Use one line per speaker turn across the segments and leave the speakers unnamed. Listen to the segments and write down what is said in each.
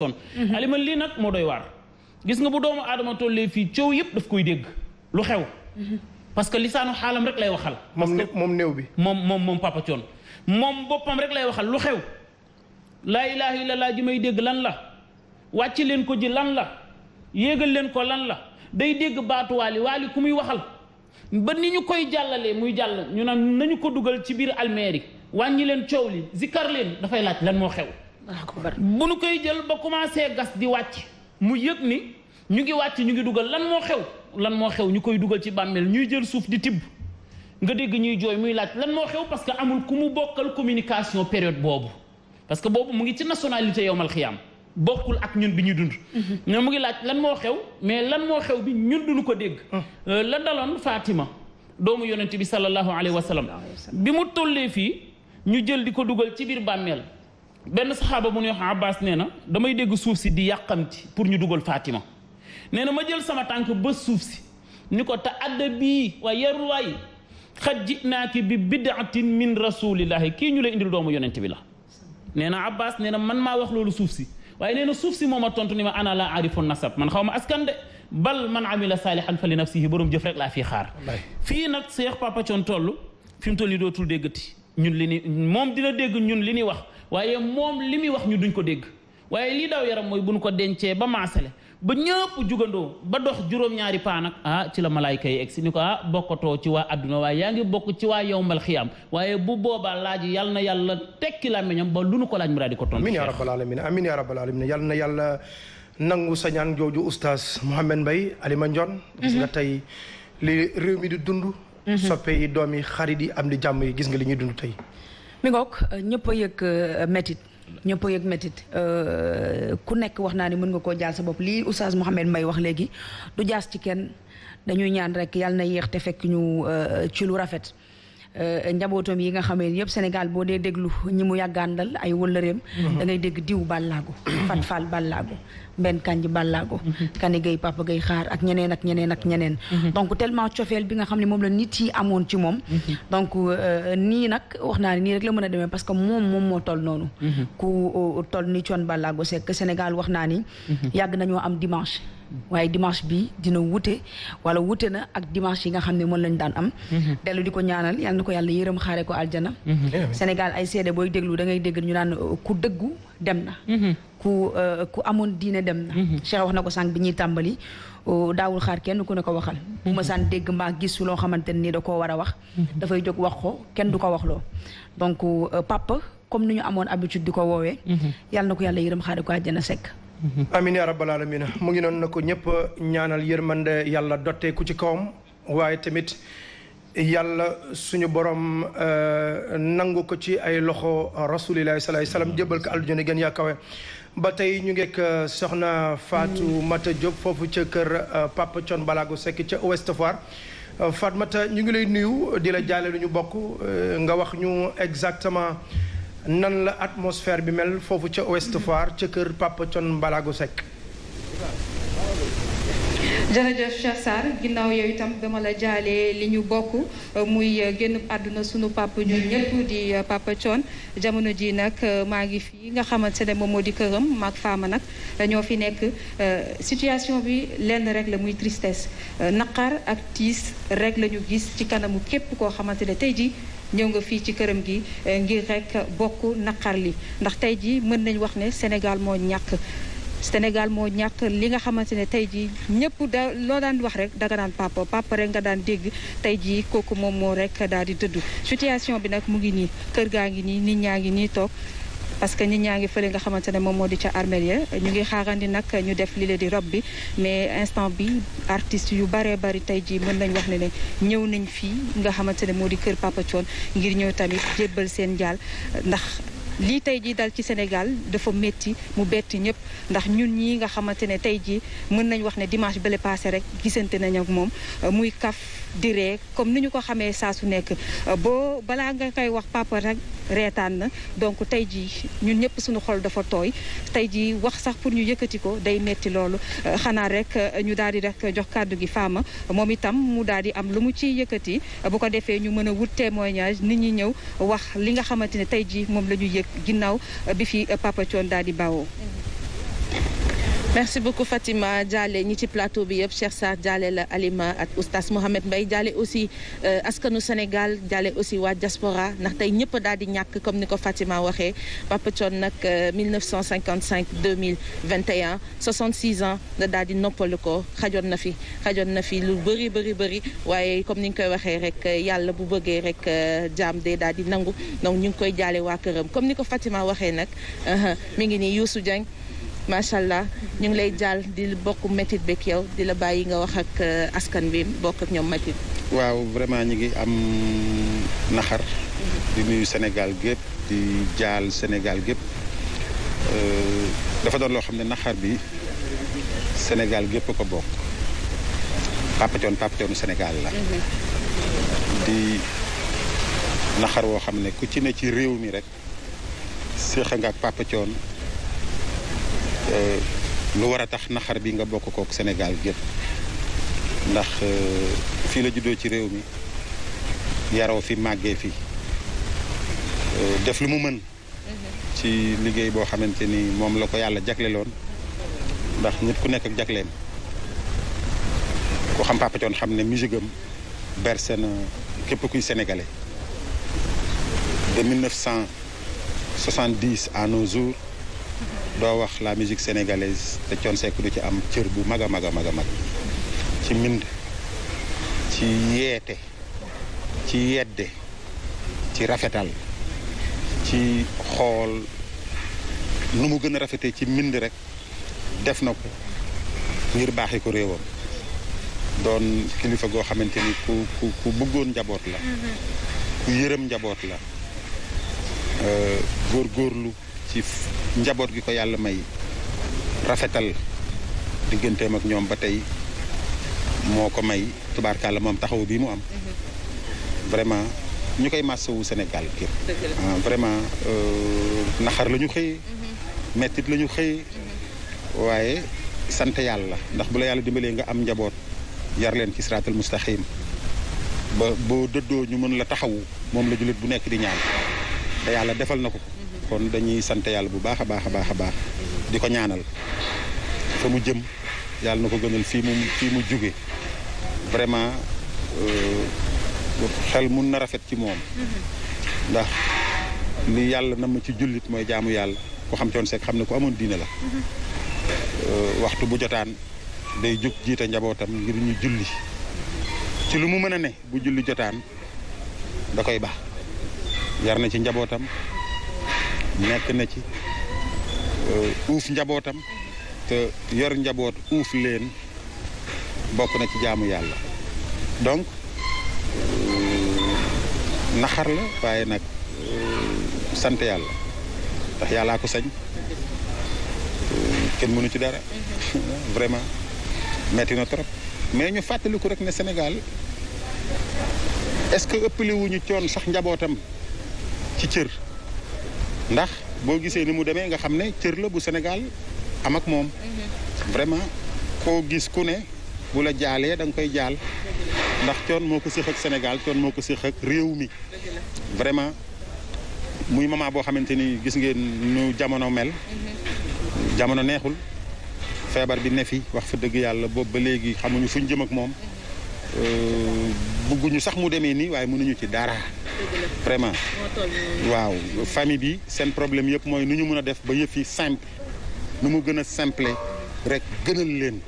kon aliman lii nag moo doy waar gis nga bu doomu aadama tollee fii coow yëpp daf koy dégg lu xew parce que lisaanu xaalam rek lay waxal moom néew bi moom moom moom papa coon moom boppam rek lay waxal lu xew laa ilaha laa ji may dégg lan la wàcc leen ko ji lan la yéegal leen ko lan la day dégg baatu waali waali ku muy waxal ba ni ñu koy jàllalee muy jàll ñu naan nañu ko dugal ci biir almeeri wàññi leen coow li zikar leen dafay laaj lan moo xew bu nu koy jël ba commencé gas di wàcc mu yëg ni ñu ngi wàcc ñu ngi dugal lan moo xew lan moo xew ñu koy dugal ci bàmmeel ñuy jël suuf di tibb nga dégg ñuy jooy muy laaj lan moo xew parce que amul ku mu bokkal communication période boobu parce que boobu mu ngi ci nationalité yowmal xiyaam bokkul ak ñun bi ñuy dund mais mhm. mu ngi laaj lan moo xew mais lan moo xew bi ñun duñu ko dégg ah. euh, la daloon Fatima doomu yonent bi sallallahu alayhi wa sallam bi mu tollee fii ñu jël di ko dugal ci biir bàmmeel benn saxaaba bu ñuy wax Abbas nee na damay dégg suuf si di yàqamti pour ñu dugal Fatima nee na ma jël sama tànk ba suuf si ni ko te adda bii waaye yarul waay xaj ji naa ki bi bidaatin min rasulillahi kii ñu lay indil doomu yonent bi la. nee na Abbas nee na man maa wax loolu suuf si waaye nee na suuf si moom ma tontu ni ma ana laa aarifu nasab man xaw ma askan de bal man la amila saalihan fa li nafsihi borom jëf rek laa fii xaar. fii nag Seex Papa Thion toll fi mu toll nii dootul déggati ñun li ni moom dina dégg ñun li ni wax. waaye moom li muy wax ñu duñ ko dégg waaye lii daw yaram mooy buñ ko dencee ba maasale ba ñëpp jugandoo ba dox juróom-ñaari paa nag ah ci la malaay kay egg si ni ko ah bokkatoo ci waa adduna waaye yaa ngi bokk ci waa yowmal xiyaam waaye bu boobaa laaj yal na yàlla tekki làmmiñam ba lu nu ko laaj mu daal di ko tontu. amiin yaa rabbal
alamin amiin yaa na yàlla nangu sa ñaan jooju oustaz Mouhamed Mbaye Alima Ndione. gis nga mhm. tey li réew mi di dund. Mhm. soppe yi doom yi xarit yi am di jàmm yi gis nga li ñuy dund tey.
mi ngoog ñëpp a yëg euh, métit ñëpp yëg métit euh, ku nekk wax naa ni mën nga koo jaal sa bopp lii oustaz Mouhamed Mbaye wax léegi du jaas ci kenn dañuy ñaan rek yàlla na yéex te fekk ñu euh, ci lu rafet Euh, njabootam yi nga xamee yëpp Sénégal boo dee déglu ñi mu yàggaandal ay wëllëreem mhm. da ngay dégg diw bàllaago mhm. Fat Fall bàllaago Mbenn Kanji bàllaago mhm. Kane Gueye Papa Gueye Xaar ak ñeneen ak ñeneen ak ñeneen donc tellement cofeel bi nga xam ne moom la nit yi amoon ci moom donc euh, nii nag wax naa ne nii rek la mën a demee parce que moom moom moo toll noonu ku euh, toll ni coon bàllaago Seck Sénégal wax naa ni yàgg nañoo am dimanche waaye dimanche bi dina wute wala wute na ak dimanche yi nga xam ne moom lañ daan am mhm. dellu di ko ñaanal yal ko yàlla yërëm xaare ko aljana mhm. Sénégal ay seede booy déglu da ngay dégg ñu naan euh, ku dëggu dem na mhm. ku euh, ku amoon diine dem na Cheikh wax na ko sànq bi ñuy tàmbali euh, daawul xaar kenn ku ne ko waxal bu ma saan dégg mbaa gis loo xamante ni da koo war a wax dafay jóg wax ko kenn du ko wax loo donc ni ñu amoon habitude di ko woowee yal na ko yàlla yërëm xaare ko aljana sekk
Mm-hmm. amin ya rabbal mu ngi noonu na ko ñëpp ñaanal yërmande yàlla dottee ku ci kawam waaye tamit yàlla suñu borom euh, nangu ko ci ay loxo rasulillahi sallallahu alayhi wasallam jëbal ko aljana gën yaa kawe ba tey ñu ngeek euh, soxna Fatou mm-hmm. Mata jóg foofu ca kër euh, Papa Thion Balago Seck ca Ouest Foire Fatou Mata ñu ngi lay nuyu di la jaale lu ñu bokk nga wax ñu exactement nan la atmosphère bi mel foofu ca Ouest Foire ca kër Papa Thione Mbalago Seck
jërëjëf Cheikh ginaaw yooyu itam dama la jaalee li ñu bokk euh, muy euh, génn àdduna sunu papa ñu ñëpp di euh, papa Thione jamono ji nag maa ngi fii nga xamante ne moom moo di këram maag faama nag dañoo fi nekk situation bi lenn rek la muy tristesse naqar ak tiis rek lañu gis ci kanamu képp koo xamante ne tey ji ñëw nga fii ci këram gi eh, ngir rek bokk naqar li ndax tey ji mën nañ wax ne Sénégal moo ñàkk Sénégal moo ñàkk li nga xamante ne tey jii ñëpp da loo daan wax rek daga daan papa papa nga daan dégg tey jii kooku moom moo rek dal di dëddu situation bi nag mu ngi nii kër gaa ngi nii nit ñaa ngi nii toog parce que nit ñaa ngi fële nga xamante ne moom moo di ca armeel ñu ngi xaarandi nag ñu def li leen di rob bi mais instant bi artistes yu baree bari tey jii mën nañ wax ne ñëw nañ fii nga xamante ne moo di kër Papa ngir ñëw tamit jébbal seen jaal ndax lii tey jii dal ci Sénégal dafa métti mu betti ñëpp ndax ñun ñii nga xamante ne tey jii mën nañ wax ne dimanche bële passé rek gisante nañ ak moom muy kaf di ree comme ni ñu ko xamee saa su nekk euh, boo balaa nga koy wax papa rek reetaan na donc tey jii ñun ñëpp suñu xol dafa tooy tey jii wax sax pour ñu yëkkati ko day metti loolu euh, xanaa rek euh, ñu daal di rek jox kàddu gi faama moom itam mu daal di am lu mu ciy yëkkati bu ko defee ñu mën a wut témoignage nit ñi ñëw wax li nga xamante ne tey jii moom la ñu yëg ginnaaw bi fi papa Thione daal di bawoo merci beaucoup Fatima Diallo ñi ci plateau bi yëpp Cheikh Sarr Diallo la Alima ak oustaz Mohamed Mbaye jaale aussi euh, askanu Sénégal Diallo aussi waa jaspora ndax tey ñëpp daal di ñàkk comme ni ko Fatima waxee Papa Thione nag 1955 2021 66 ans da daal di noppalu ko xajoon na fi xajoon na fi lu bëri bëri bëri waaye comme ni nga koy waxee rek euh, yàlla bu bëggee rek euh, jaam de daal di nangu donc ñu ngi koy jaale waa këram comme ni ko Fatima waxee nag mi ngi nii Youssou Dieng. macha allah ñu ngi lay jàll di bokk métit beeg yow di la bàyyi nga wax ak euh, askan bi bokk ak ñoom métit.
waaw vraiment ñu ngi am naxar. Mhm. di nuyu Sénégal gépp di jaal senegal gépp euh, dafa doon loo xam ne naxar bi senegal gépp ko bokk papatoon papatoonu Sénégal la mhm. di naxar woo xam ne ku ci ne ci réew mi rek séex nga ak papatoon lu war a tax naxar bi nga bokk kook Sénégal gépp ndax euh, fii la juddoo ci réew mi yaroo fi màggee fi euh, def lu mu mën ci liggéey boo xamante ni moom la ko yàlla jagleloon ndax nit ku nekk ak jagleem ku xam Papa xam ne musique am berse képp kuy sénégalais de 1970 à nos jours doo wax la musique sénégalaise te Thione du ci am cër bu mag a mag a mag a mag ci mbind ci yeete ci yedde ci rafetal ci xool nu mu gën a rafetee ci mbind rek def na ko ngir baaxi ko réewam doon kilifa goo xamante ni ku ku ku njaboot la mm-hmm. ku yërëm njaboot la euh, góorgóorlu ci njaboot gi ko yàlla may rafetal digganteem ak ñoom ba tey moo ko may tubaarkàlla moom taxaw bii mu am vraiment ñu koy màssawu Sénégal képp ah, vraiment euh, naxar la ñu xëyee mm-hmm. mettit la ñu xëyee mm-hmm. waaye sant yàlla ndax bu la yàlla dimbalee nga am njaboot yar leen ci siraatal mustaxim ba boo dëddoo ñu mën la taxawu moom la jullit bu nekk di ñaan te yàlla defal na ko kon dañuy sant yàlla bu baax a baax a baax a baax di ko ñaanal fa mu jëm yàlla na ko gënal fii mu fii mu jóge vraiment euh, xel mun na rafet ci moom
mm-hmm.
ndax li yàlla na ma ci jullit mooy jaamu yàlla ko xam coon seek xam ne ku amoon diine la mm-hmm. euh, waxtu bu jotaan day jóg jiite njabootam ngir ñu julli ci lu mu mën a ne bu julli jotaan da koy ba yar na ci njabootam nekk na ci euh, uuf njabootam te yor njaboot uuf leen bokk na ci jaamu yàlla donc euh, naxar la waaye nag euh, sant yàlla ndax yàllaa ko sañ kenn mënu ci dara mm-hmm. vraiment metti na trop mais ñu fàttaliku rek ne Sénégal est-ce que ëppaliwuñu coon sax njabootam ci cër ndax boo gisee ni mu demee nga xam ne cër la bu senegal am ak moom. Mhm. vraiment koo gis ku ne bu la jaalee da nga koy jaal ndax coon moo ko séq ak Sénégal coon moo ko séq ak réew mi. vraiment muy moment boo xamante ni gis ngeen nu jamono mel. Mhm. jamono neexul feebar bi ne fi wax fa dëgg yàlla boobu ba léegi xamuñu fuñ jëm ak moom. Mhm. Euh, bugguñu sax mu demee nii waaye mënuñu ci dara. vraiment waaw famille bi seen problème yëpp mooy nu ñu mën a def ba yëf yi simple nu mu gën a simple rek gënal leen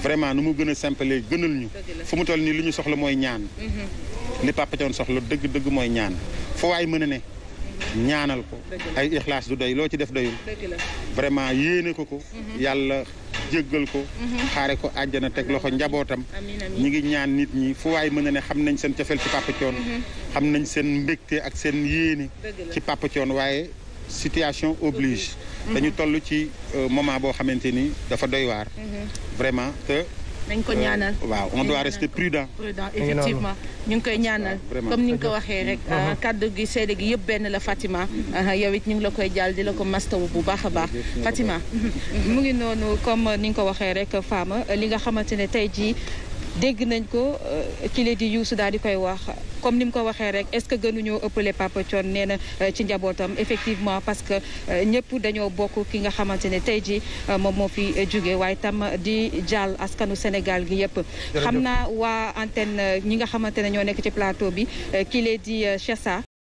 vraiment nu mu gën a simple gënal ñu fu mu toll nii li ñu soxla mooy ñaan li Papa soxla dëgg dëgg mooy ñaan fu waay mën a ne ñaanal ko ay ixlaas du doy loo ci def doyul vraiment yéene ko ko yàlla jéggal ko xaare ko àjjana teg loxo njabootam ñi ngi ñaan nit ñi fu waay mën a ne xam nañ seen cofeel ci Papa am nañ seen mbégte ak seen yéene ci Papa Thione waaye situation oblige mm-hmm. dañu toll ci euh, moment boo xamante ni dafa doy waar mm-hmm. vraiment que
nañ ko ñaanal euh, waaw on doit
rester prudent
prudent effectivement ñu ngi koy ñaanal comme ni nga ko waxee rek mm-hmm. euh, kàddu gi seede gi yëpp benn la Fatima yow it ñu ngi la koy jàll di la ko mastaw bu baax a baax Fatima mu ngi noonu comme ni nga ko waxee rek Fama li nga xamante ne tey jii dégg nañ ko euh, kile di Youssou daal di koy wax comme ni mu ko waxee rek est-ce que gënuñoo ëppale Papa Thione nee na euh, ci njabootam effectivement parce que euh, ñëpp dañoo bokk ki nga xamante ne tey ji moom moo fi jóge waaye tam di jàll askanu Sénégal gi yëpp xam naa waa antenne ñi nga xamante ne ñoo nekk ci plateau bi kile di Chessa